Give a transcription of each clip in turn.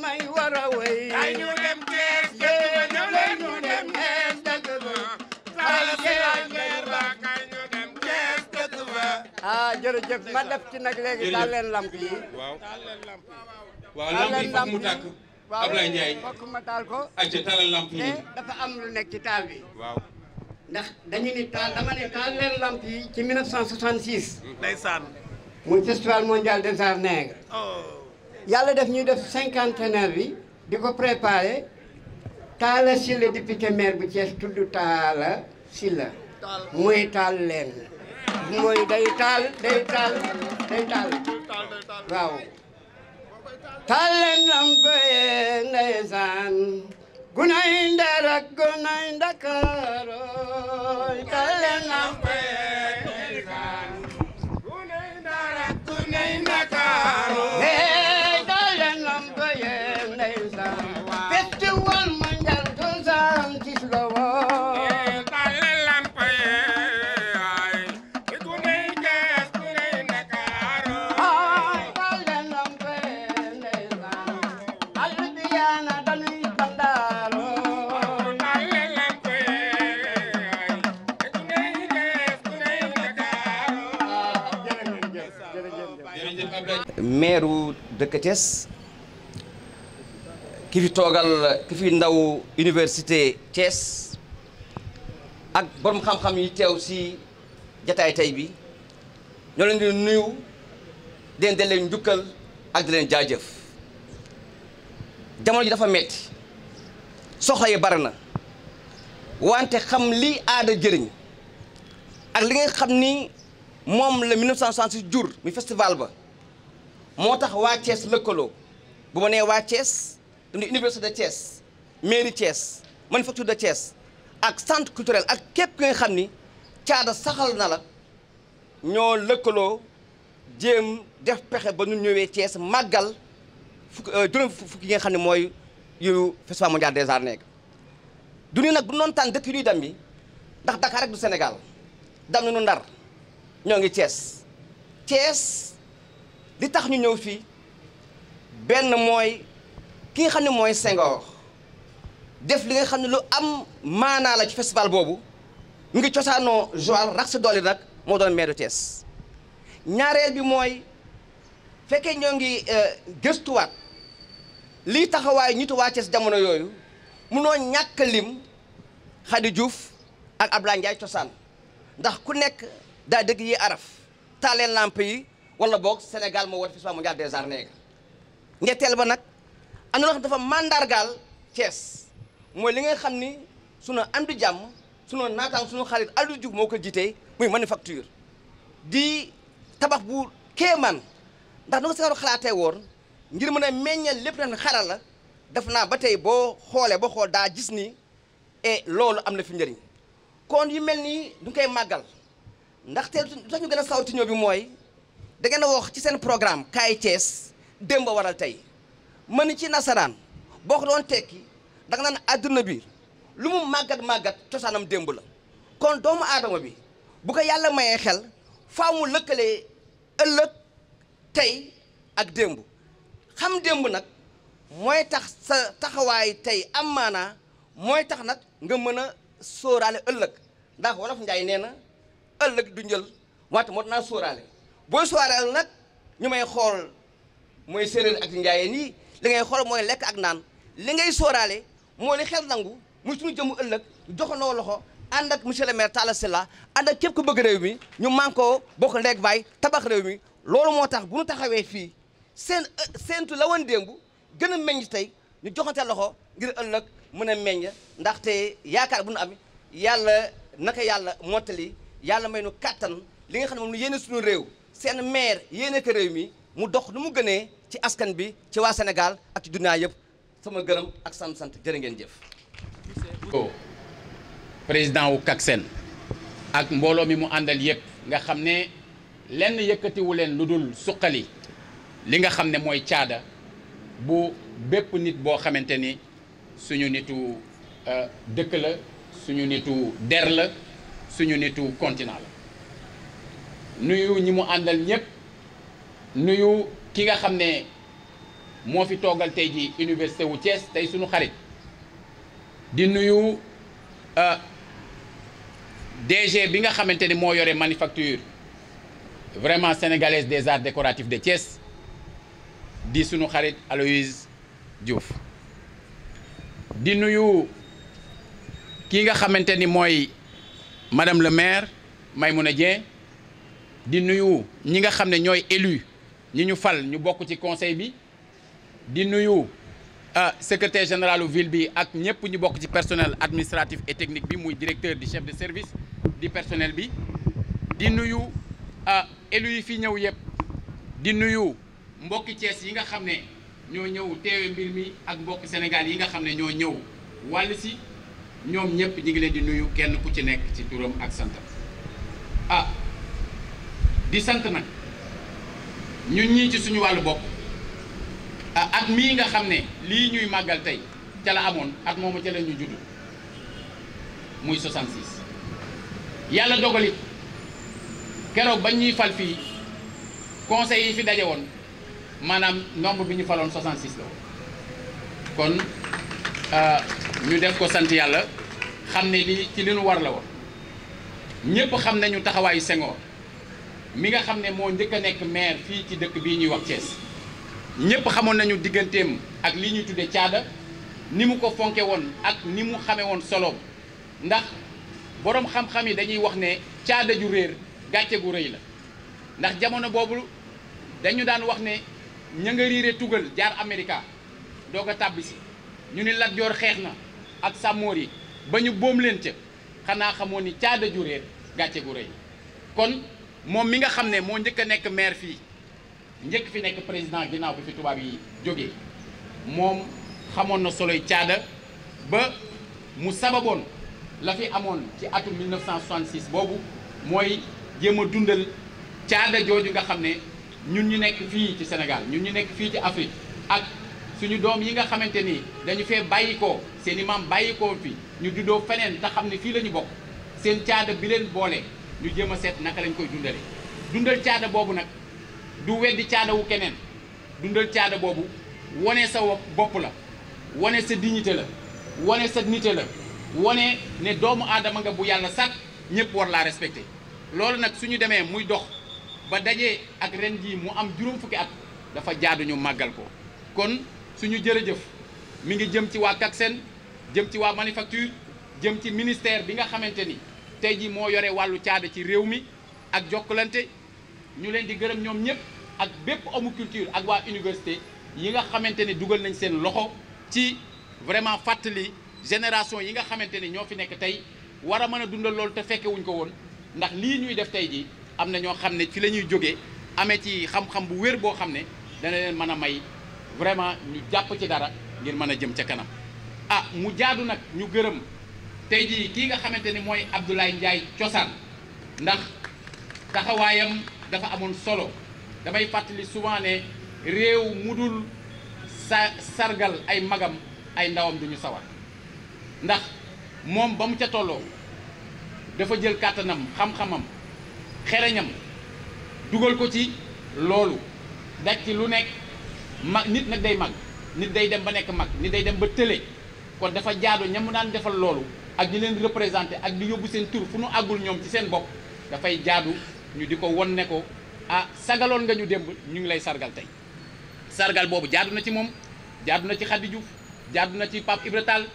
may wara way ay dem Cees ñu leen ñu dem Cees dëkk ba dem Cees dëkk ba ah ma def ci nag léegi taal leen yi waaw taal yi fokk mu tàkk Ablaye Ndiaye ma taal ko ak eh, dafa am lu nekk ci taal bi waaw ndax dañu ni taal dama ne taal leen yi ci 1966 ndeysaan muy festival mondial des arts nègres oh. yàlla def ñuy def cinquantenaire bi di ko préparé Talla Sylla député maire bu Thiès tudd Talla Sylla mooy taal leen mooy day taal day taal day taal waaw taal leen lamp yee ndeysaan gunay ndeer ak ndakaarooy taal leen lamp yee ndeysaan maire dëkk Thiès ki fi toogal ki fi ndaw université Thiès ak borom xam-xam yi teew si jataay tey bi ñoo leen di nuyu den leen njukkal ak di leen jaajëf jamono ji dafa metti soxla yi bari na wante xam li aada jëriñ ak li nga xam ni moom la 1966 jur mi festival ba moo tax waa Thiès lëkkaloo bu ma nee waa Thiès dañuy université de Thiès mairie Thiès manufacture de Thiès ak centre culturel ak képp ki xam ni caada saxal na la ñoo lëkkaloo jéem def pexe ba ñu ñëwee Thiès màggal fukk euh, juróom fukki nga xam ne mooy yu festival mondial des arts du ni nag bu noonu tànn dëkk yu bi ndax Dakar du Sénégal dam nu Ndar ñoo ngi Thiès Thiès. li tax ñu ñëw fii benn mooy ki nga xam ne mooy Senghor def li nga xam ne lu am maanaa la ci festival boobu mu ngi cosaanoo Joal rax si doole nag moo doon maire de Thiès ñaareel bi mooy fekkee ñoo ngi euh, gëstuwaat lii taxawaay ñitu waa jamono yooyu munoo ñàkk lim Khady Diouf ak Abdoulaye Ndiaye cosaan ndax ku nekk daa dëgg yi araf taaleen lamp yi wala boog Sénégal moo woote festival mondial des arts nègres ñetteel ba nag am na xam dafa mandargaal Thiès mooy li nga xam ni sunu am di jàmm sunu naataang sunu xarit Aliou Diouf moo ko jiitee muy manufacture di tabax bu kéemaan ndax nu ko Sénégal xalaatee woon ngir mën a meññal lépp na xaral la def naa ba tey boo xoolee ba xool daa gis ni et loolu am na fi njëriñ kon yu mel nii duñ koy màggal ndaxte lu tax ñu gën a saw ci ñoo mooy da ngeen wax ci seen programme kaay Thiès démb waral tey mën ci nasaraan boo ko doon tekki da nga naan àdduna bi lu mu màggat màggat cosaanam démb la kon doomu aadama bi bu ko yàlla mayee xel faaw mu lëkkalee ëllëg tey ak démb xam démb nag mooy tax sa taxawaay tey am maanaa mooy tax nag nga mën a sóoraale ëllëg ndax wolof njaay nee na ëllëg du njël waat moo naa sóoraale booy soireel nag ñu may xool mooy séeréer ak njaayeen nii li ngay xool mooy lekk ak naan li ngay sóoraale moo li xel nangu muy suñu jëmu ëllëg joxandoo loxo ànd ak monsieur le maire Talla Sylla ànd ak képp ku bëgg réew mi ñu mànkoo bokk ndeeg baay tabax réew mi loolu moo tax bu ñu taxawee fii seen seentu la woon démb gën a meññ tey ñu joxante loxo ngir ëllëg mën a meññ ndaxte yaakaar bu nu am yàlla naka yàlla mottali yàlla may nu kattan li nga xam ne moom nu yéene suñu réew seen maire yéene ko réew mi mu dox lu mu gënee ci askan bi ci waa Sénégal ak ci dunaa yëpp sama gërëm ak sant-sant jërë ngeen jëf président wu Kaksen ak mbooloo mi mu àndal yëpp nga xam ne lenn yëkkatiwu leen lu dul suqali li nga xam ne mooy caada bu bépp nit boo xamante ni suñu nitu euh, dëkk la suñu nitu der la suñu nitu continent la nuyu ñi mu àndal ñëpp nuyu ki nga xam ne moo fi toogal tey ji université wu Thiès tey suñu xarit di nuyu euh, DG bi nga xamante ni moo yore manufacture vraiment sénégalaise des arts décoratifs de Thiès di suñu xarit Aloïse Diouf di nuyu ki nga xamante ni mooy madame le maire may mun a Dieng di nuyu ñi nga xam ne ñooy élu ñi ñu fal ñu bokk ci conseil bi di nuyu ah secrétaire général u ville bi ak ñëpp ñu bokk ci personnel administratif et technique bi muy directeur di chef de service di personnel bi di nuyu ah élu yi fi ñëw yëpp di nuyu mbokki Cees yi nga xam ne ñoo ñëw teewe mbir mi ak mbokk Sénégal yi nga xam ne ñoo ñëw wàll si ñoom ñëpp ñu ngi leen di nuyu kenn ku ci nekk ci turam ak santam ah di sant nag ñu ñii ci suñu wàllu bopp at mii nga xam ne lii ñuy màggal tey ca la amoon at moomu ca la ñu judd muy 66. yàlla dogalit keroog ba ñuy fal fii conseil yi fi daje woon maanaam nombre bi ñu faloon 66 la woon kon ñu def ko sant yàlla xam ne lii ci li ñu war la woon ñépp xam nañu taxawaayu Senghor. mi nga xam ne moo njëkk a nekk maire fii ci dëkk bii ñuy wax cees ñëpp xamoon nañu digganteem ak li ñuy tuddee caada ni mu ko fonke woon ak ni mu xame woon solo ndax boroom xam-xam yi dañuy wax ne caada ju réer gàcce gu rëy la ndax jamono boobu dañu daan wax ne ña nga riire tugal jaar Amerika doog a tàbbi ñu ni Lat Joor xeex na ak sàmmoor yi ba ñu boom leen ca xanaa xamoon ni caada ju réer gàcce gu rëy kon moom mi nga xam ne moo njëkk a nekk maire fii njëkk fi nekk président ginnaaw bi fi tubaab yi jóge moom xamoon na soloy caada ba mu sababoon la fi amoon ci atum 1966 boobu mooy jéem a dundal caada jooju nga xam ne ñun ñu nekk fii ci Sénégal ñun ñu nekk fii ci Afrique ak suñu doom yi nga xamante ni dañu fee bàyyikoo seen i maam bàyyikoo fi ñu juddoo feneen te xam ne fii la bokk seen caada bi leen boole ñu jéem a seet naka lañ koy dundale dundal caada boobu nag du weddi caadawu keneen dundal caada boobu wane sa bopp la wane sa dignité la wane sa nité la wane ne doomu aadama nga bu yàlla sàkk ñëpp war laa respecté loolu nag suñu demee muy dox ba daje ak ren jii mu am juróom fukki at dafa jaaduñu màggal ko kon suñu jërëjëf mu ngi jëm ci waa Kakseen jëm ci waa manufacture jëm ci ministère bi nga xamante ni tey ji moo yore wàllu caada ci réew mi ak jokkalante ñu leen di gërëm ñoom ñëpp ak bépp homme culture ak waa université yi nga xamante ne dugal nañ seen loxo ci vraiment fàttali génération yi nga xamante ne ñoo fi nekk tey war a mën a dundal loolu te fekke ko woon ndax lii ñuy def tey ji am na ñoo xam ne fi la ñuy jógee amee ci xam-xam bu wér boo xam ne dana leen mën a may vraiment ñu jàpp ci dara ngir mën a jëm ca kanam ah mu jaadu nag ñu gërëm tey jii kii nga xamante ni mooy Abdoulaye njaay cosaan ndax taxawaayam dafa amoon solo damay fàttali souvent réew mu dul sa sargal ay magam ay ndawam duñu sawar ndax moom ba mu ca tolloo dafa jël kàttanam xam-xamam xereñam dugal ko ci loolu daj ci lu nekk mag nit nag day mag nit day dem ba nekk mag nit day dem ba tële kon dafa jaadu ña mu daan defal loolu ak di leen représenté ak di yóbbu seen tur fu nu àggul ñoom ci seen bopp dafay jaadu ñu di ko won ne ko ah sagaloon nga ñu démb ñu ngi lay sargal tey sargal boobu jaadu na ci moom jaadu na ci Khady Diouf jaadu na ci Pape Ibra Tall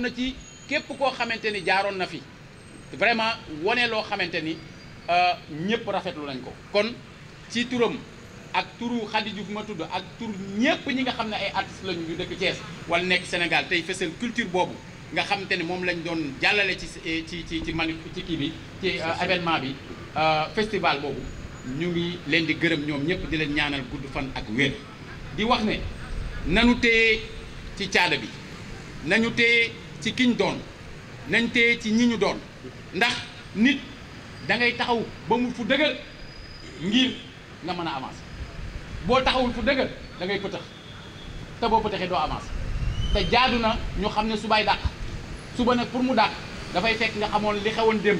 na ci képp koo xamante ni jaaroon na fi vraiment wone loo xamante ni euh, ñëpp rafetlu nañ ko kon ci turam ak turu Khady Diouf ma tudd ak tur ñëpp ñi nga xam ne ay artistes lañu ñu dëkk Thiès wala nekk Sénégal tey fësal culture boobu nga xam ni moom lañ doon jàllale ci eh, ci ci ci mani ci kii bi ci euh, événement bi euh, festival boobu ñu ngi leen di gërëm ñoom ñëpp di leen ñaanal gudd fan ak wér di wax ne nanu téye ci caada bi nañu téye ci kiñ doon nañ téye ci ñi ñu doon ndax nit da ngay taxaw ba mu fu dëgër ngir nga mën a avancer boo taxawul fu dëgër da ngay pëtëx te boo pëtëxee doo avancer te jaadu na ñu xam ne subaay dàq suba nag pour mu dàq dafay fekk nga xamoon li xewoon démb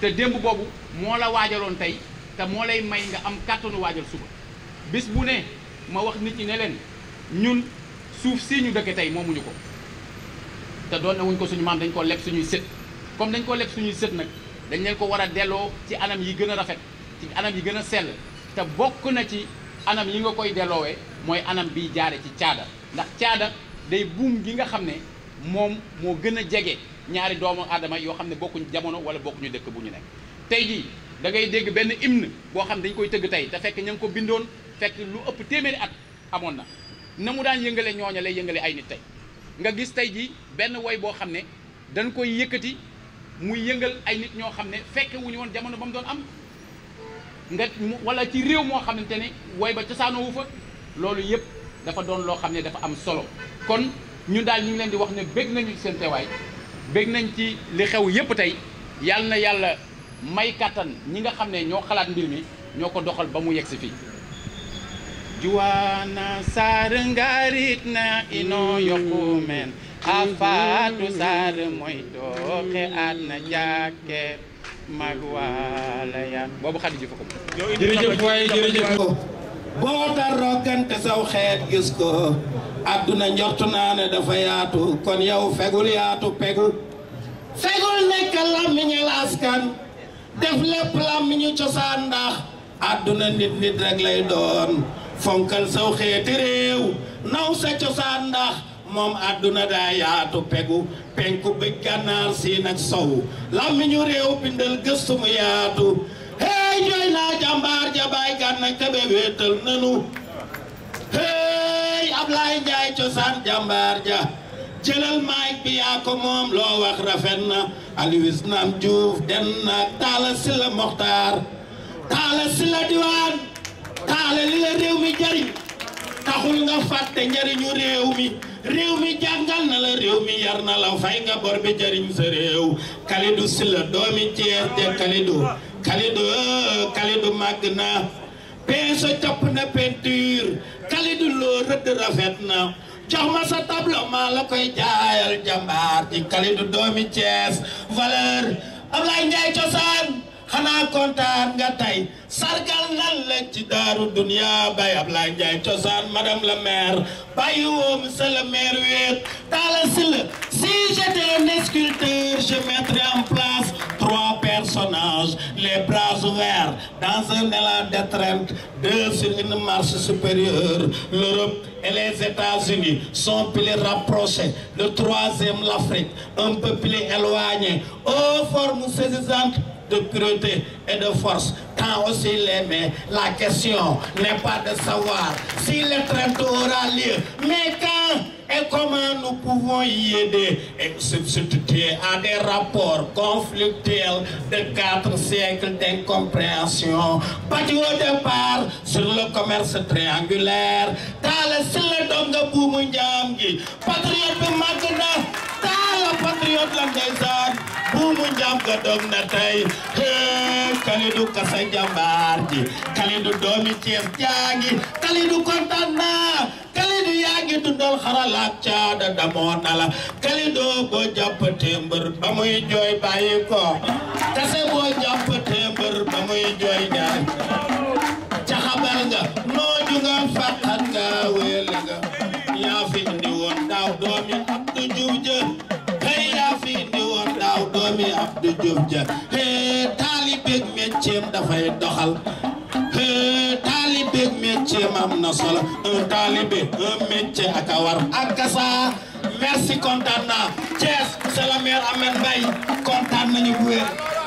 te démb boobu moo la waajaloon tey te moo lay may nga am kàttanu waajal suba bis bu ne ma wax nit ñi ne leen ñun suuf si ñu dëkke tey moomuñu ko te doon na wuñ ko suñu maam dañ ko leb suñuy sët comme dañ ko leb suñuy sët nag dañ leen ko war a delloo ci anam yi gën a rafet ci anam yi gën a sell te bokk na ci anam yi nga koy delloowee mooy anam biy jaare ci caada ndax caada day buum gi nga xam ne moom moo gën a jege ñaari doomu aadama yoo xam ne bokkuñu jamono wala bokkuñu dëkk bu ñu nekk tey jii da ngay dégg benn hymne boo xam dañ koy tëgg tey te fekk ña ngi ko bindoon fekk lu ëpp téeméeri at amoon na na mu daan yëngale ñooña lay yëngale ay nit tey nga gis tey jii benn woy boo xam ne dañ koy yëkkati mu yëngal ay nit ñoo xam ne fekke wuñu woon jamono ba mu doon am nga wala ci réew moo xamante ne woy ba cosaanoowu fa loolu yëpp dafa doon loo xam ne dafa am solo ñun daal ñu ngi leen di wax ne bég nañu ci seen teewaay bég nañ ci li xew yépp tey yàlla na yàlla may kàttan ñi nga xam ne ñoo xalaat mbir mi ñoo ko doxal ba mu yegg si fi juwaana saar ngaarit na ino yokku men a saar mooy at na jàkke mag waala yan boobu xadi jëfa ko jërëjëf waay jërëjëf boo darroogante saw xeet gis ko àdduna njortu naa ne dafa yaatu kon yow fegul yaatu pegul fegul nekk làmmiñal askan def lépp làmmiñu cosaan ndax adduna nit nit rek lay doon fonkal saw xeeti réew naw sa cosaan ndax moom adduna daa yaatu pegu penku bëj gànnaar siin ak sow làmmiñu réew bindal gëstu yaatu hey jooy naa jàmbaar ja baay gànna kebe wéetal nanu hey Ablaay Njaay cosaan jàmbaar ja jëlal maay bi yaa ko moom loo wax rafet na Aloyse Nam Diouf den nag Talla Sylla Mokhtar Talla Sylla diwaan Talla li la réew mi jariñ taxul nga fàtte njariñu réew mi réew mi jàngal na la réew mi yar na la fay nga bor jariñ sa réew Kalidou Sylla doomi Cees de Kalidou Kalidou Kalidou na pince topp na peinture Kalidou loo rëdd rafet na jox ma sa tableau la koy jaayal jàmbaar ci Kalidou doomi Thiès valeur Ablaye Ndiaye cosaan xanaa kontaan nga tey sargal lan la ci daaru dunia bay Ablaye Ndiaye cosaan madame la maire bàyyi woo monsieur le maire wéet Talla Sylla si j'étais un sculpteur je mettrais en place les bras ouverts dans un élan d'étreinte, deux sur une marche supérieure, l'Europe et les États-Unis sont plus rapprochés, le troisième l'Afrique, un peu éloigné, aux formes saisissantes de cruauté et de force tend aussi les mains. La question n'est pas de savoir si le traité aura lieu, mais quand et comment nous pouvons y aider et substituer à des rapports conflictuels de quatre siècles d'incompréhension bâtis au départ sur le commerce triangulaire taala silla patriote la ndeysaan buumu njam ga dog na tey Kalidou kasa jambaar ji Kalidou doomi Cees jaangi Kalidou kontaan naa Kalidou yaa ngi dundal xaralaat caada damoo na la Kalidou boo jàppatee mbër ba muy jooy bàyyi ko kase boo jàpp Abdou Diouf ja hee taalibeeg dafay doxal hee taalibeeg métier am na solo un taalibe un métier a war ak saa kontaan na Thiès monsieur le maire Ahmed kontaan nañu bu wér